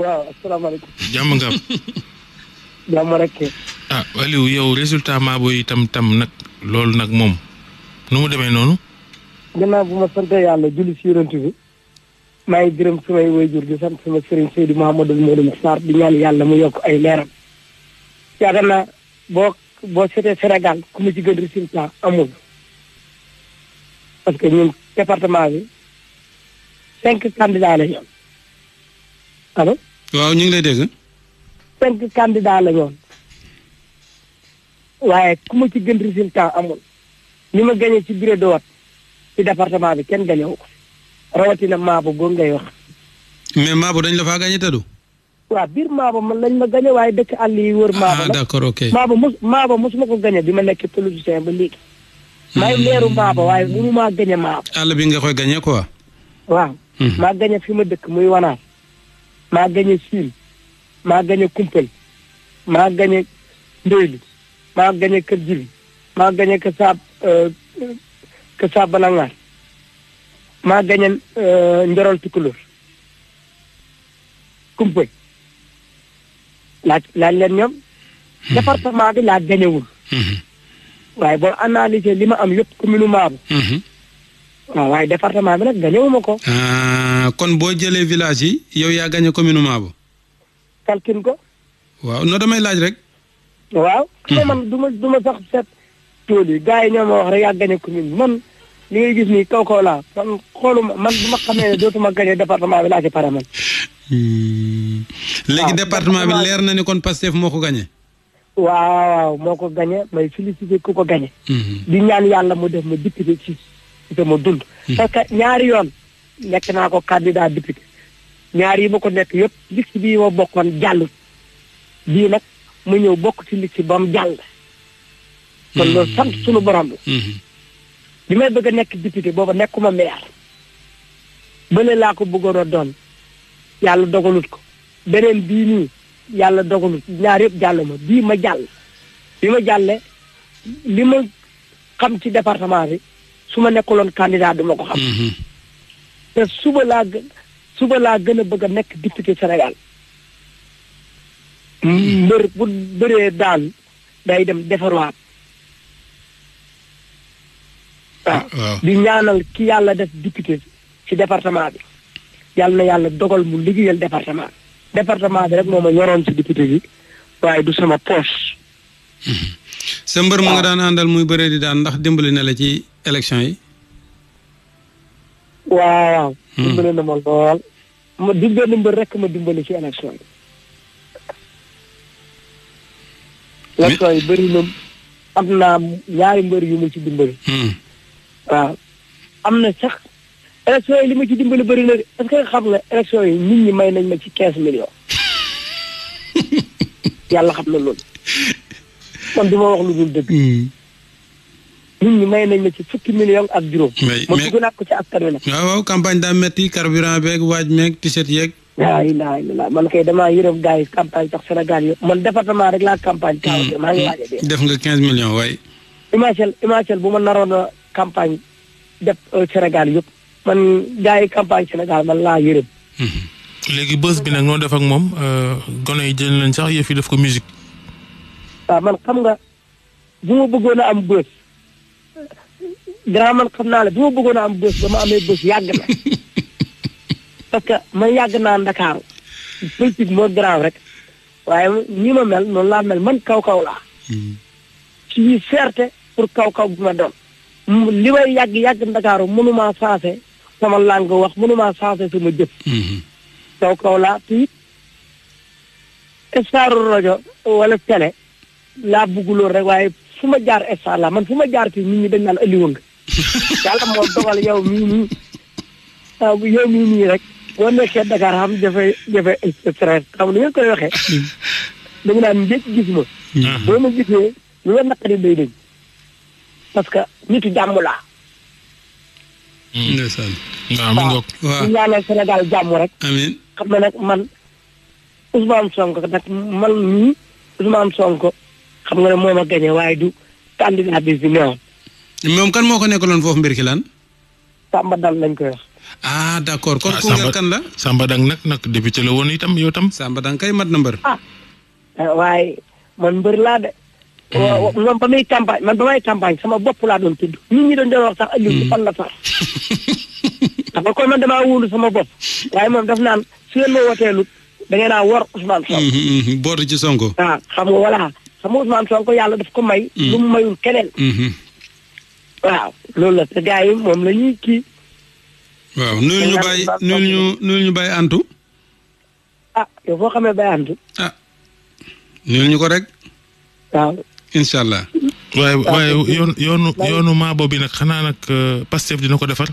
waaw asalaamaaleykum. jàmm nga am. jàmm rek. ah yow résultat Mabo yi tam tam nag loolu nag moom nu mu demee noonu. gannaaw bu ma sant yàlla julli si yonent bi maa ngi gërëm samay waajur di sant sama sëriñ Seydou Mouhamadou Modou Mokhtar di ñaan yàlla mu yokk ay leeram yaakaar naa boo boo seetee Sénégal ku mu ci gën résultat amul parce que ñun département bi cinq candidats la ñu allo. waaw ñu ngi lay dégg. cinq candidat la ñoon waaye ku ma ci gën résultat amul ñu ma gañe ci bureau de vote ci département bi kenn gañewu ko rawatina Maabo goon ngay wax. mais Maabo dañ la faa gañe tëdu. waaw biir Maabo man lañ ma gañe waaye dëkk àll yi wër. Maabo ah d'accord ok. Maabo ko gañe bi ma nekk politicien ba léegi. may leeru hmm. Maabo waaye mënu maa gañe Maabo. àll bi nga koy gañe quoi. waaw. Hmm. maa gañe fi ma dëkk muy wanaar. maa gañe siin maa gañe kumpal maa gañe ndóylu maa gañe kër jibi maa gañe kasaab euh, kasaab balangaar maa gañe euh, njorol tukulóor kumpal laaj laaj leen ñoom hmm. département bi laa gañewul hmm. waaye boo analyser li ma am yëpp commune Maabo hmm. waaw waaye département bi nag gañe ko. Ah, kon boo jëlee village yi yow yaa gañe commune Maabo. kalkin ko. waaw noo damay laaj rek. waaw. Mhm. man du ma du ma gars yi ñoo ma wax rek man li ngay gis nii kaw kaw laa man bu ma xamee ne dootuma département bi laa pare man. Hmm. léegi département bi leer na ni kon Pastef moo ko gañe. waaw moo ko gañe may félicité ku ko gañe. Mhm. di ñaan yàlla mu def ma député ci. ci sama dund. Hmm. parce ñaari yoon nekk naa ko candidat député ñaari yi ma ko nekk yëpp liste bii ma bokkoon jàllut bii nag mu ñëw bokk ci liste ba mu jàll. kon loolu hmm. sunu borom la. bi hmm. may bëgg a nekk député booba nekkuma maire. bële laa ko bëggoon a doon yàlla dogalut ko beneen bii nii yàlla dogalut ñaar yëpp jàll ma ma jàll bi ma li ma xam ci département bi su ma nekkuloon candidat du ma ko xam. Mm-hmm. te suba laa gën a bëgg a nekk député Sénégal. Mm-hmm. mbër bu bëree daan day dem defarwaat. Ah, waaw di ñaanal ki yàlla def député ci département bi. yàlla na yàlla dogal mu liggéeyal département département bi rek moo ma yoroon ci député bi waaye du sama poche. Mm-hmm. sa mbër mu nga daan àndal muy bëree di daan ndax dimbali na la ci élection yi. waaw. Hmm. dimbali na ma lool. ma dimbali mbër rek ma dimbali ci élection yi. élection yi bëri na am naa ñaari mbër yu mu ci dimbali. Hmm. waaw am na sax. élection yi li ma ci dimbali bëri na est-ce que xam ne élection yi nit ñi may nañ ma ci quinze millions. yàlla xam na loolu. man du ma wax lu dul dëgg. Hmm. nañ la ci fukki million ak juróom. mais mais ma dugg naa ko ci askan wi nag. waaw waaw campagne daa metti carburant beeg waaj meeg t-shirt yeeg. laa ilaaha illallaah man kay damaa yërëm gars yi campagne sax Sénégal yëpp man département rek laa campagne. Hmm. maa a def nga quinze millions waay. imagine imagine bu ma naroon a campagne def euh, Sénégal yëpp man gars yi campagne Sénégal man laa yërëm. Hmm. léegi bës bi nag noo def ak moom euh, gone yi jël nañ sax yëf yi def ko musique. Moustapha man xam nga bu ma bëggoon a am bës grand man xam naa ne bu ma bëggoon am bës ba amee bës yàgg na parce que man yàgg naa Ndakaaru politique moo grand rek waaye ni ma mel noonu laa mel man kaw kaw laa ci hmm. fierté pour kaw kaw bi ma doon li may yàgg yàgg Ndakaaru mënuma changé sama langue wax mënuma changé sama jëf hmm. kaw kaw laa te it staaru wala télé laa bugg loolu rek waaye fu ma jaar insha allah man fu ma jaar fii nit ñi dañ naan ëlliwa nga yàlla moo dogal yow mii nii yow mii nii rek boo nekkee Dakar xam jafe jafe stress koy waxee hmm. naan hmm. parce que nitu jàmm laa hmm. Sénégal jàmm rek amiin xam na nag man Ousmane Sonko nag man mii Ousmane Sonko xam nga ne moom a gagné waaye du candidat bi si neew moom kan moo ko nekkaloon foofu mbir ki lan samba dal lañ koy wax ah d'accord kon ah, ko nga kan la samba dang nak nak député la woon itam yow tam samba dang kay mat na mbeur ah eh, waaye man mbeur laa de ñoom hmm. ba muy campagne man ba may campagne sama bopp laa doon tudd nit ñi doon doon wax sax ëllëg ci hmm. fan la sax xam nga kon man damaa wóolu sama bopp waaye moom daf naan su ngeen ma woteelut da ngeen a wor Ousmane Sonko hmm, bor ci Sonko ah xam nga voilà xam nga Ousmane Sonko yàlla def ko may. Mm. lu mayum mayul keneen. Mm-hmm. waaw loolu la te yi moom la kii. waaw nuyul ñu bàyyi nuyul ñu nuyul ñu bàyyi antu. ah yow foo xamee bàyyi antu. ah nuyul ñu ko rek. waaw incha allah. waaye waaye yoonu yoonu yoonu maabo bi nag xanaa nag euh, Pastef dina ko defar.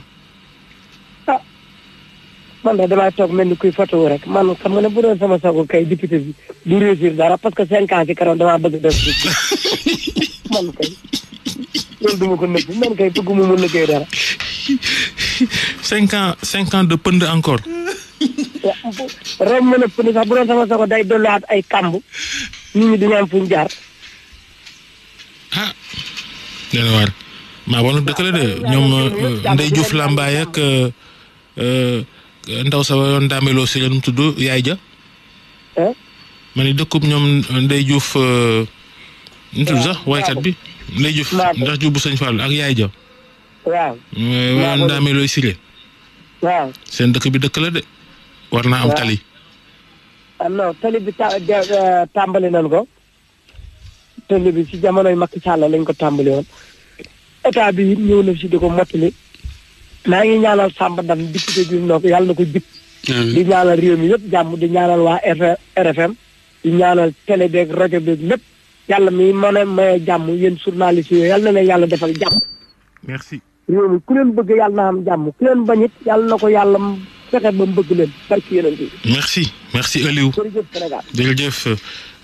man da dama tok melni kuy photo rek man xam nga ne bu doon sama sago kay député bi du réussir dara parce que 5 ans ci karam dama bëgg def man kay loolu duma ko nëbb man kay bëgg mu mu liggéey dara 5 ans 5 ans de pënd encore rom mëna pënd sax bu doon sama sago day dolaat ay kamb nit ñi duñu am fuñ jaar ah dana war ma wonu dëkk la de ñoom ndey juuf lambaay ak euh, euh ndaw sa waroon daameloo si leen mu tudd yaay ja eh? ma ni ñoom Ndey Juuf ñu euh, tudd sax waykat bi Ndey Juuf ndax Juuf bu sëñ Fallu ak yaay ja waaw euh, waroon daameloo si seen dëkk bi dëkk la de war naa am tali ah, tali bi tàmbali nañ ko tali bi ci jamonoy Macky Sall lañ ko tàmbali woon état bi ñëw na si di ko mottali naa ngi ñaanal Samba Dam député ju ndox yàlla na ko jub di ñaanal réew mi yëpp jàmm di ñaanal waa RFM di ñaanal télé beeg rajo beeg lépp yàlla mi mën a maye jàmm yéen journaliste yooyu yàlla na ne yàlla defal jàmm merci réew mi ku leen bëgg yàlla na am jàmm ku leen bañit yàlla na ko yàlla fexe ba mu bëgg leen barki yeneen bi merci merci Aliou jërëjëf Sénégal jërëjëf